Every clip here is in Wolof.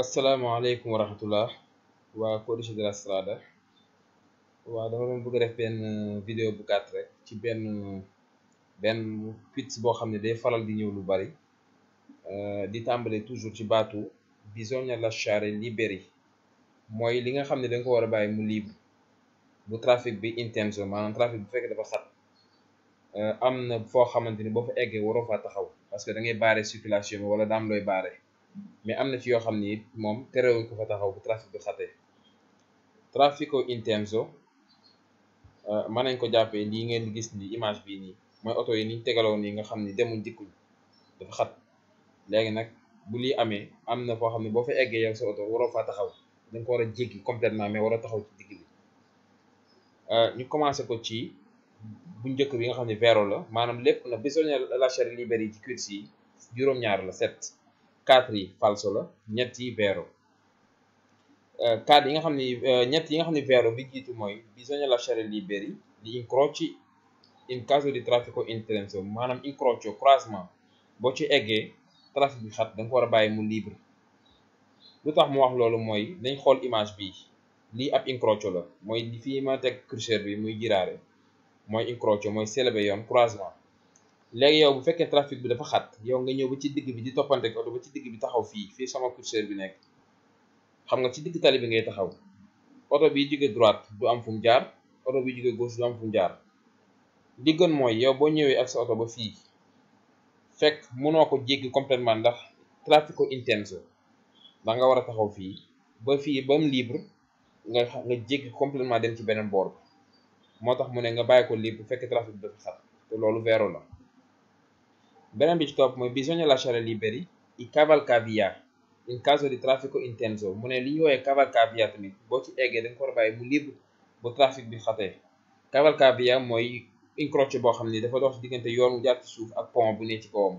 asalaamaaleykum wa rahmatullah waa codice de la strada waaw dama doon bëgg def benn euh, vidéo bu gàtt rek ci benn benn picc boo xam ne day faral di ñëw lu bari euh, di tàmbale toujours ci baatu bisogna lasciare liberi mooy li nga xam ne da ko war a bàyyi mu libre bu trafic bi intenso maanaam trafic bu fekkee dafa xat euh, am na foo xamante ni boo fa eggee waroo faa taxaw parce que da ngay baare circulation wala daam looy baare mais am na ci yoo xam ni it moom terewuñ ko fa taxaw bu trafic bi xatee trafico intenso euh, mën nañ ko jàppee lii ngeen gis ni image bii nii mooy oto yi niñ tegaloo nii nga xam ni demuñ dikkuñ dafa xat léegi nag bu lii amee am na foo xam ne boo fa eggee yow sa oto waroo faa taxaw da ko war a jéggi complètement mais war taxaw ci digg bi euh, ñu commencé ko ci bu njëkk bi nga xam ne vero la maanaam lépp na bisogna lasciare liberi ci course yi juróom-ñaar la set quatre yi falso la ñetti yi vero euh, quatre yi nga xam ne euh, ñett yi nga xam ne vero bi jiitu mooy bisogna lasciare liberi gli incroci in caso di traffico intenso maanaam incrocio croisement boo ci eggee trafic bi xat da ko war a bàyyi mu libre lu tax mu wax loolu mooy dañ xool image bi lii ab incrocio la mooy li fii ma teg curseur bi muy giraare mooy incrocio mooy célébé yoon croisement léegi yow bu fekkee trafic bi dafa xat yow nga ñëw ba ci digg bi di toppante ak oto ba ci digg bi taxaw fii fii sama curseur bi nekk xam nga ci digg tali bi ngay taxaw oto bi jóge droite du am fu mu jaar oto bi jóge gauche du fu mu jaar li gën mooy yow boo ñëwee ak sa oto ba fii fekk mënoo ko jéggi complètement ndax trafico intense da nga war a taxaw fii ba fii ba mu libre nga nga jéggi complètement dem ci beneen boor bi moo tax mu ne nga bàyyi ko libre bu fekkee trafic bi dafa xat te loolu vero la beneen bi ci topp mooy bisogna lasciare liberi i cavalcavia in caso di traffico intenso mu ne li ñu woowee cavalcavia tamit boo ci eggee danga ko war a bàyyi mu libre bu trafic bi xatee cavalcavia mooy incrocio boo xam ni dafa dox ci diggante yoon wu jaar ci suuf ak pont bu ne ci kawam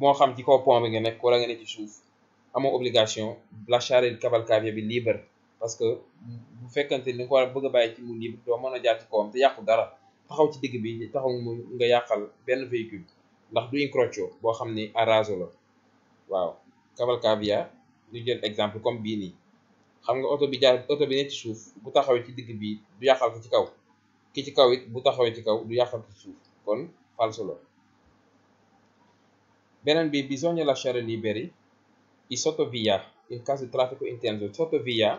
moo xam ci kaw pont bi nga nekk wala nga ne ci suuf amoo obligation lasciare il cavalcavia bi libre parce que bu fekkante ni nga ko war a bàyyi ci mu libre doo mën a jaar ci yàqu dara taxaw ci digg bi taxaw mu nga yàqal benn véhicule ndax du incrocio boo xam ni arazo la waaw Cavalcavia ñu jël exemple comme bii nii xam nga oto bi jaar oto bi ne ci suuf bu taxawee ci digg bi du yàqal ko ci kaw ki ci kaw it bu taxawee ci kaw du yàqal ko ci suuf kon falso la beneen bi bisogna lasciare liberi i sottovia in caso di traffico intenso sottovia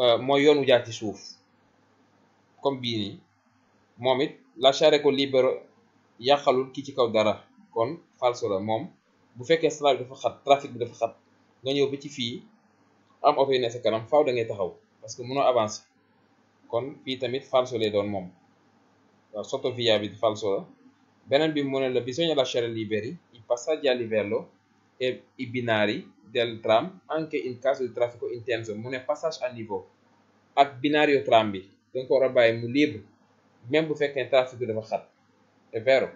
eh, mooy yoon wu jaar ci suuf comme bii nii moom it lasciare ko libero yàqalul ki ci kaw dara kon falso la moom bu fekkee salaire bi dafa xat trafic bi dafa xat nga ñëw ba ci fii am oto yu ne sa kanam faaw da ngay taxaw parce que mënoo avance kon fii tamit falso lay doon moom waaw sottovia bi falso beneen bi mu ne la bisogna lasciare liberi i passaggi a livello e i binari del tram anche in caso di traffico intenso mu ne passage à niveau ak binario tram bi da ko war a bàyyi mu libre même bu fekkee trafic bi dafa xat vero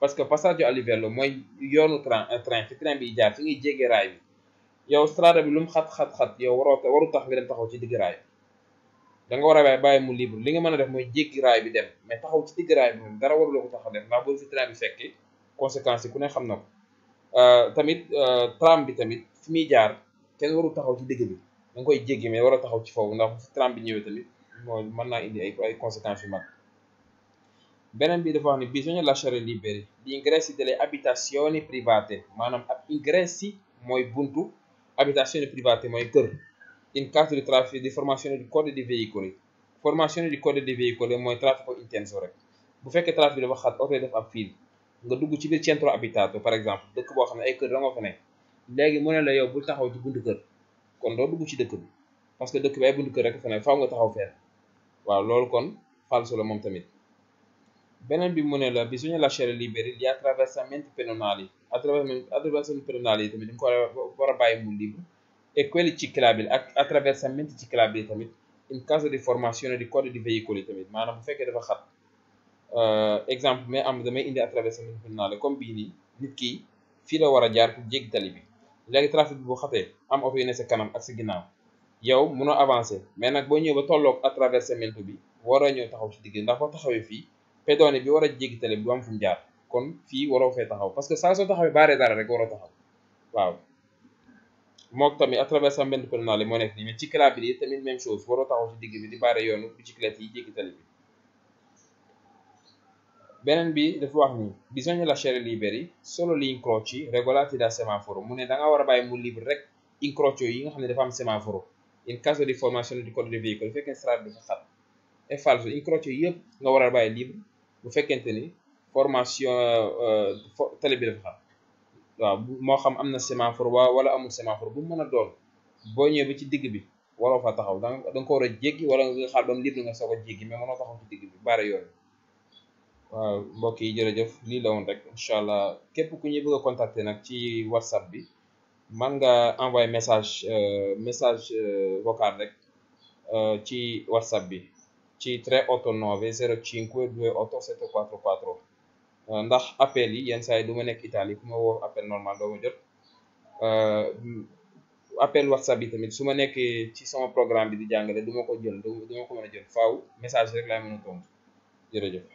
parce que passaggio a livello mooy yoonu train euh, train fi bi jaar su ngay jéggi raay bi yow strada bi lu mu xat-xat-xat yow waroo waru tax nga dem taxaw ci digg raay da nga war a bàyyi bàyyi mu libre li nga mën a def mooy jéggi bi dem mais taxaw ci digg raay bi moom dara waruloo ko taxaw def ndax bu train bi fekki conséquences yi ku ne xam na ko euh, tamit euh, tram bi tamit fi muy jaar kenn waru taxaw ci digg bi da nga koy jéggi mais war a taxaw ci foofu ndax fi bi ñëwee tamit mooy mën naa indi ay conséquence conséquences yu mag beneen bi dafa wax ne bisogna lasciare liberi gli ingressi delle abitazioni private maanaam ab ingressi mooy buntu abitazioni private mooy kër in caso di traffico di formazione di code di veicoli formazione di code di veicoli mooy traffico intenso rek bu fekkee trafic dafa xat oto yi def ab fiil nga dugg ci biir centro abitato par exemple dëkk boo xam ne ay kër da nga fa nekk léegi mu ne la yow bul taxaw di buntu kër kon doo dugg ci dëkk parce que dëkk bi ay buntu kër rek fa ne faaw nga waaw loolu kon falso la moom tamit beneen bi mu ne la bi suñu lasciare li gli attraversamenti pedonali attraversamenti pedonali yi tamit dañ war a bàyyi mu libre e quelli ciclabili ak attraversamenti ciclabili yi tamit in caso di formazione di code di veicoli yi tamit maanaam bu fekkee dafa xat euh, exemple mais am damay indi attraversamenti pedonali comme bii nii nit ki fii la war a jaar pour jéggi tali bi léegi trafic bi bu xatee am oto yu ne sa kanam ak sa ginnaaw yow munoo avancer mais nag boo ñëw ba tolloog attraversamento bi war a ñëw taxaw ci digg ndax boo taxawee fii pédone bi war a jéggi tali bi am fu mu jaar kon fii waroo fee taxaw parce que saa soo taxawee baaree dara rek waroo taxaw waaw mook tamit moo nekk nii mais ci clap tamit même chose waroo di baare yoonu bicyclette yi bi beneen bi dafa wax ni bisogna lasciare liberi solo gli incroci regolati da semaforo mu ne da war a bàyyi mu libre rek incrocio yi nga xam ne dafa am semaforo in caso di formazione di code di veicolo fekkee strada dafa xat et falso incrocio yëpp nga war a bàyyi libre bu fekkente ni formation euh, tali bi dafa xam moo xam am na sémaphore waa wala amul sémaphore bu mu mën a doon boo ñëwee ba ci digg bi waroo fa taxaw da nga ko war a jéggi wala nga xaar ba mu libre nga soog a jéggi mais mënoo taxaw ci digg bi bare yooyu waaw mbokk yi jërëjëf lii la rek incha allah képp ku ñuy bëgg contacter nag ci whatsapp bi man nga envoyé message euh, message euh, vocal rek ci whatsapp bi. 389 05 28 744 ndax appel yi yenn saa yi du ma nekk Italie ku ma woo appel normal doo ma jot eh, appel whatsapp yi tamit su ma nekkee ci soma programme bi di jàngale du ma ko jël du ma ko mën a jël faw message rek laay mën a tontu jërëjëf.